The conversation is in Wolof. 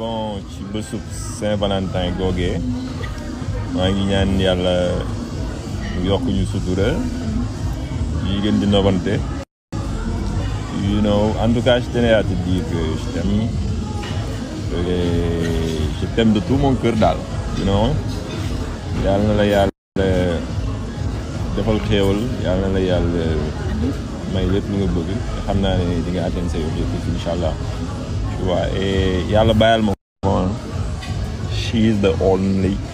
bon ci bésub Saint-Valentin googee maa ngi ñaan yàlla yokk ñu sutura yi gën di nobante you know en tout cas je tenais à te dire tout mon cœur daal you na la yàlla defal xéewal yàlla na la yàlla may lépp lu nga bëgg xam naa ne di nga atteindre say objectifs incha allah you are a Yalabal She's the only